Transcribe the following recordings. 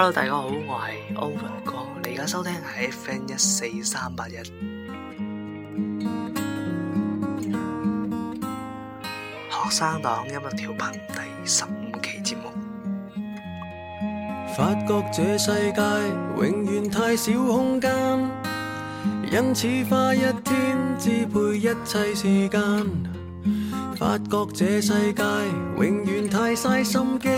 Hello，大家好，我係歐文哥，你而家收聽係 FM 一四三八一學生黨音樂調頻第十五期節目。發覺這世界永遠太少空間，因此花一天支配一切時間。發覺這世界永遠太嘥心機。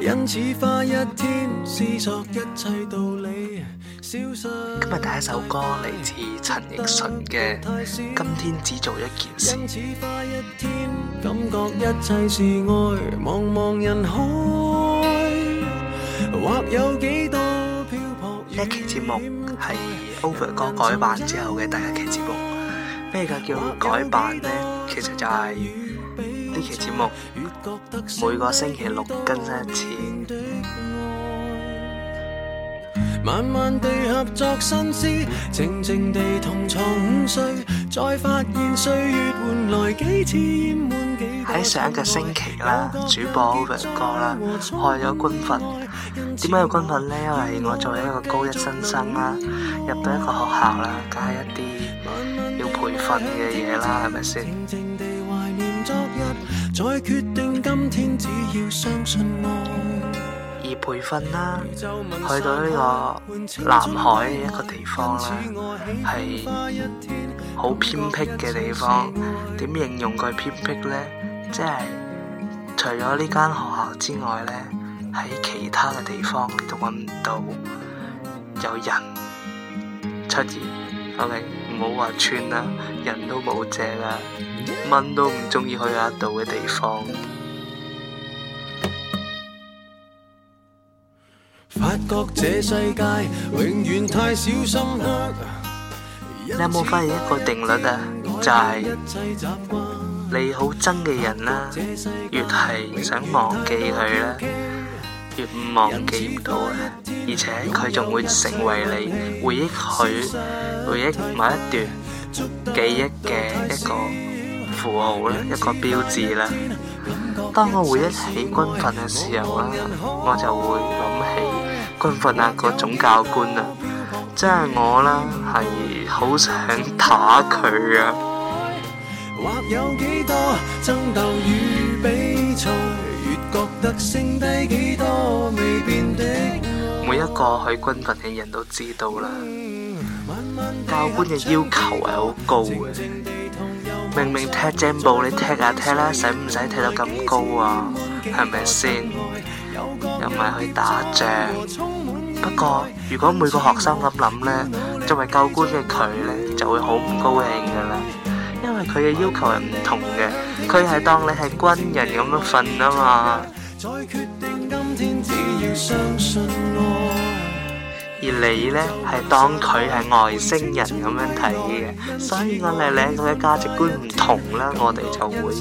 因此，花一天思索一切道理。今日第一首歌嚟自陳奕迅嘅《今天只做一件事》。感覺一切是愛，茫茫人海，或有幾多漂泊。呢期節目係 Over 哥改版之後嘅第一期節目。咩叫叫改版呢？其實就係呢期節目。每個星期六更新一次。喺上一個星期啦，主播 over 過啦，開咗軍訓。點解要軍訓呢？因為我做咗一個高一新生啦，入到一個學校啦，梗係一啲要培訓嘅嘢啦，係咪先？天天天天天天天而軍訓啦，去到呢個南海一個地方啦，係好偏僻嘅地方。點形容佢偏僻呢？即係除咗呢間學校之外呢，喺其他嘅地方你都揾唔到有人出現。OK，唔好話村啦，人都冇借啦。蚊都唔鍾意去阿度嘅地方。你有冇發現一個定律啊？就係你好憎嘅人啦，越係想忘記佢啦，越忘記唔到啊！而且佢仲會成為你回憶佢回憶某一段記憶嘅一個。符號咧，一個標誌啦。當我回憶起軍訓嘅時候啦，我就會諗起軍訓啊個總教官啊，即係我啦，係好想打佢啊。每一個去軍訓嘅人都知道啦，教官嘅要求係好高嘅。明明踢正步，你踢下踢咧，使唔使踢到咁高啊？係咪先？又唔係去打仗？不過如果每個學生咁諗呢，作為教官嘅佢咧就會好唔高興噶啦，因為佢嘅要求係唔同嘅，佢係當你係軍人咁樣瞓啊嘛。而你呢係當佢係外星人咁樣睇嘅，所以我哋兩個嘅價值觀唔同啦，我哋就會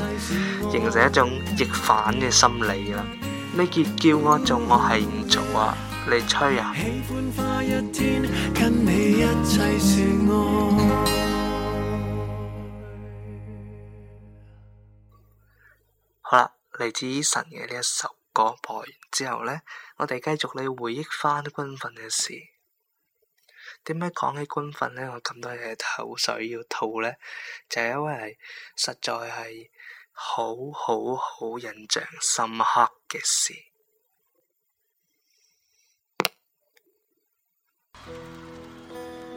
形成一種逆反嘅心理啦。你叫我做，我係唔做啊！你吹啊！好啦，嚟自於神嘅呢一首。播完之後呢，我哋繼續你回憶翻啲軍訓嘅事。點解講起軍訓呢？我咁多嘢口水要吐呢？就係、是、因為實在係好好好印象深刻嘅事。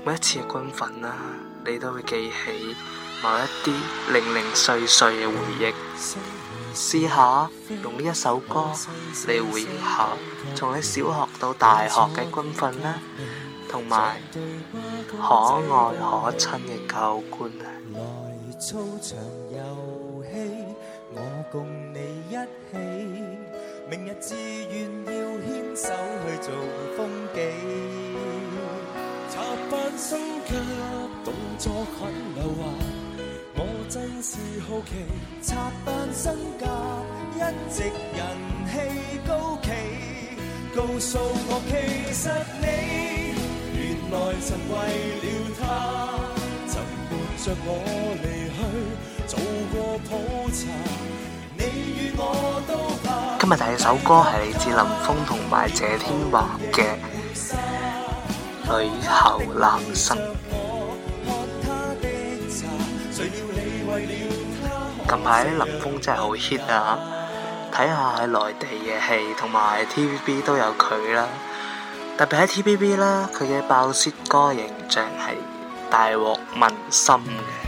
每一次嘅軍訓啦，你都會記起某一啲零零碎碎嘅回憶。試下用呢一首歌嚟回憶下，從你小學到大學嘅軍訓啦，同埋可愛可親嘅教官啊！今日第二首歌係嚟自林峯同埋謝天華嘅《女校男生》。近排林峰真係好 hit 啊！睇下喺內地嘅戲同埋 TVB 都有佢啦，特別喺 TVB 啦，佢嘅爆笑歌形象係大獲民心嘅。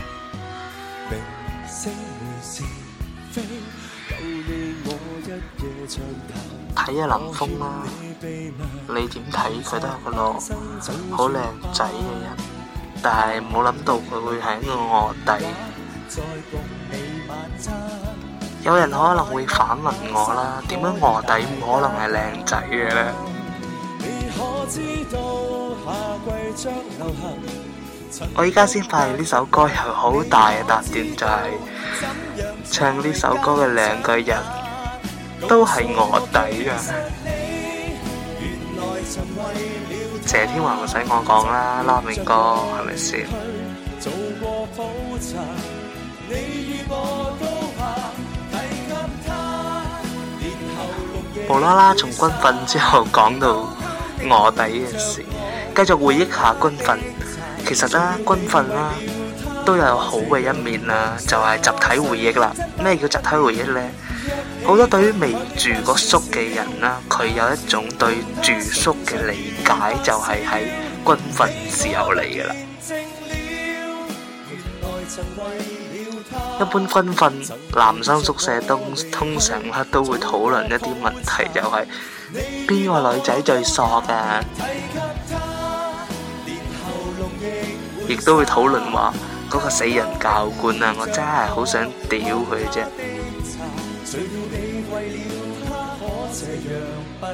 睇下林峰啦，你點睇佢都係個好靚仔嘅人，但係冇諗到佢會係一個臥底。有人可能會反問我啦，點樣卧底唔可能係靚仔嘅呢？我而家先發現呢首歌有好大嘅特點，就係唱呢首歌嘅兩個人都係卧底啊！謝天華唔使我講啦，拉麵哥係咪先？無啦啦從軍訓之後講到卧底嘅事，繼續回憶下軍訓。其實啦，軍訓啦都有好嘅一面啦，就係集體回憶啦。咩叫集體回憶呢？好多對於未住過宿嘅人啦，佢有一種對住宿嘅理解就係喺軍訓時候嚟嘅啦。一般軍訓男生宿舍都通常都會討論一啲問題、就是，就係邊個女仔最傻㗎、啊，嗯、亦都會討論話嗰、嗯、個死人教官啊，嗯、我真係好想屌佢啫。嗯嗯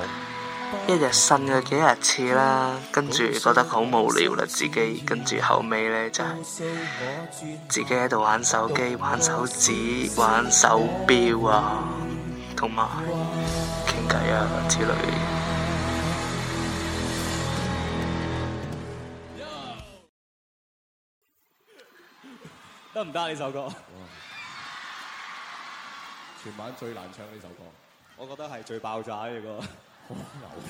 嗯。一日呻咗幾日次啦，跟住覺得好無聊啦、就是、自己，跟住後尾咧就自己喺度玩手機、玩手指、玩手錶啊，同埋傾偈啊之類。得唔得呢首歌？全晚最難唱呢首歌，我覺得係最爆炸呢、這個。好牛嘅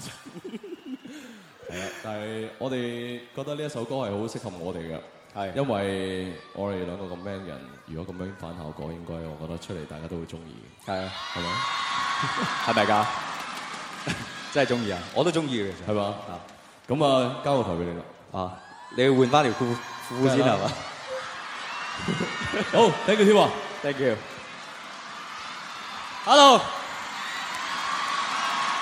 真係啊！但係我哋覺得呢一首歌係好適合我哋嘅，係因為我哋兩個咁 man 人，如果咁樣反效果，應該我覺得出嚟大家都會中意嘅。係啊，係咪？係咪噶？真係中意啊！我都中意嘅，係嘛啊！咁啊，交個台俾你咯啊！你要換翻條褲褲先係嘛？好，Thank you，添，Thank you，Hello。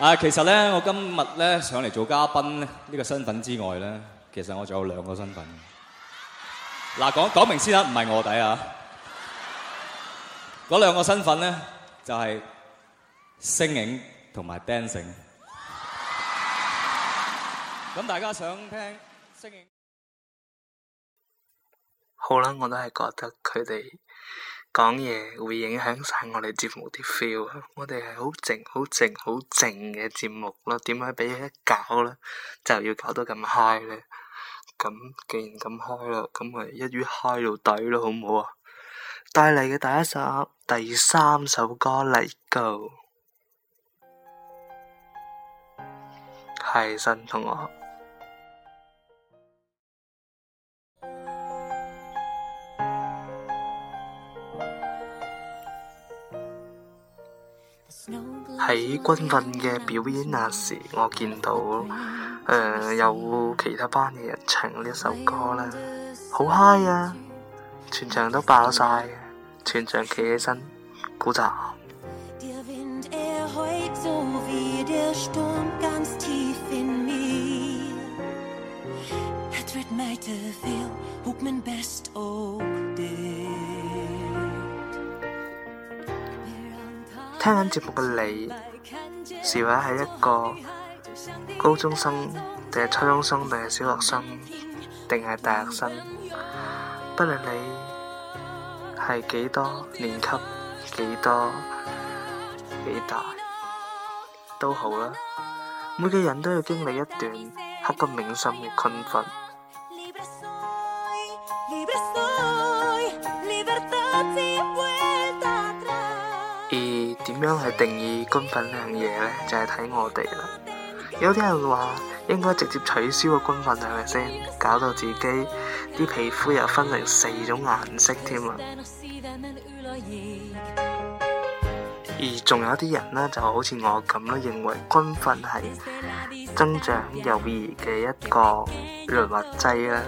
啊，其實咧，我今日咧上嚟做嘉賓咧，呢個身份之外咧，其實我仲有兩個身份。嗱，講講明先啦，唔係卧底啊。嗰兩個身份咧，就係星影同埋 dancing。咁大家想聽星影？好啦，我都係覺得佢哋。講嘢會影響晒我哋節目啲 feel，我哋係好靜、好靜、好靜嘅節目咯，點解畀佢一搞咧，就要搞到咁 high 咧？咁既然咁 high 啦，咪一於 high 到底咯，好唔好啊？帶嚟嘅第一首、第三首歌嚟，Let's go，係新同學。喺軍訓嘅表演那時，我見到誒有其他班嘅人唱呢一首歌啦，好嗨啊！全場都爆晒，全場企起身鼓掌。聽緊節目嘅你，是或者係一個高中生，定係初中生，定係小學生，定係大學生。不論你係幾多年級、幾多幾大都好啦，每個人都要經歷一段刻骨銘心嘅軍訓。點樣去定義軍訓呢樣嘢咧？就係睇我哋啦。有啲人話應該直接取消個軍訓嚟先，搞到自己啲皮膚又分成四種顏色添啦。而仲有啲人咧，就好似我咁啦，認為軍訓係增長友誼嘅一個潤滑劑啦。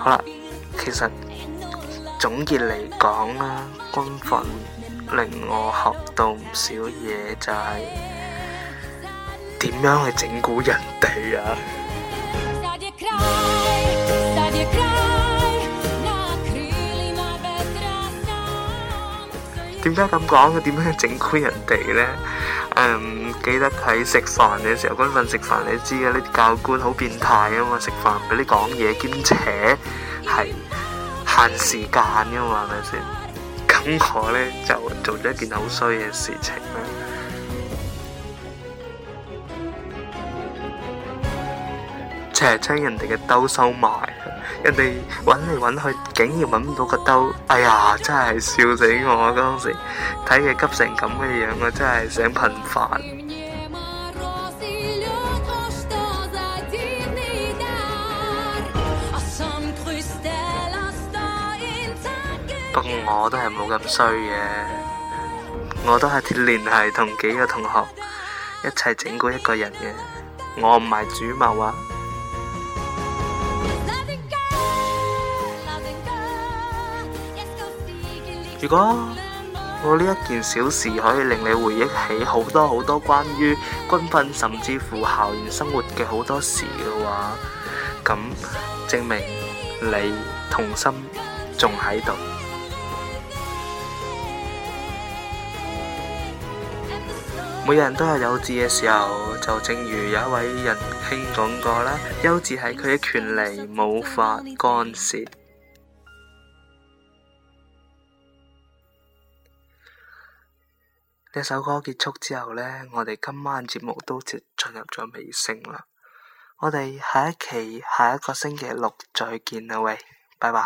好啦，其實總結嚟講啦，軍訓令我學到唔少嘢，就係點樣去整蠱人哋啊。點解咁講嘅？點樣去整蠱人哋呢？誒、嗯，記得喺食飯嘅時候，軍訓食飯，你知嘅啲教官好變態啊嘛，食飯唔俾你講嘢兼且係限時間噶嘛，係咪先？咁我呢就做咗一件好衰嘅事情咧。成日將人哋嘅兜收埋，人哋揾嚟揾去，竟然揾唔到個兜，哎呀，真係笑死我！當時睇佢急成咁嘅樣，我真係想噴飯。不過我都係冇咁衰嘅，我都係聯繫同幾個同學一齊整蠱一個人嘅，我唔係主謀啊。如果我呢一件小事可以令你回憶起好多好多關於軍訓甚至乎校園生活嘅好多事嘅話，咁證明你童心仲喺度。 每人都有幼稚嘅時候，就正如有一位仁兄講過啦，幼稚係佢嘅權利，無法干涉。呢首歌結束之後咧，我哋今晚節目都進入咗尾聲啦。我哋下一期，下一個星期六再見啦，喂，拜拜。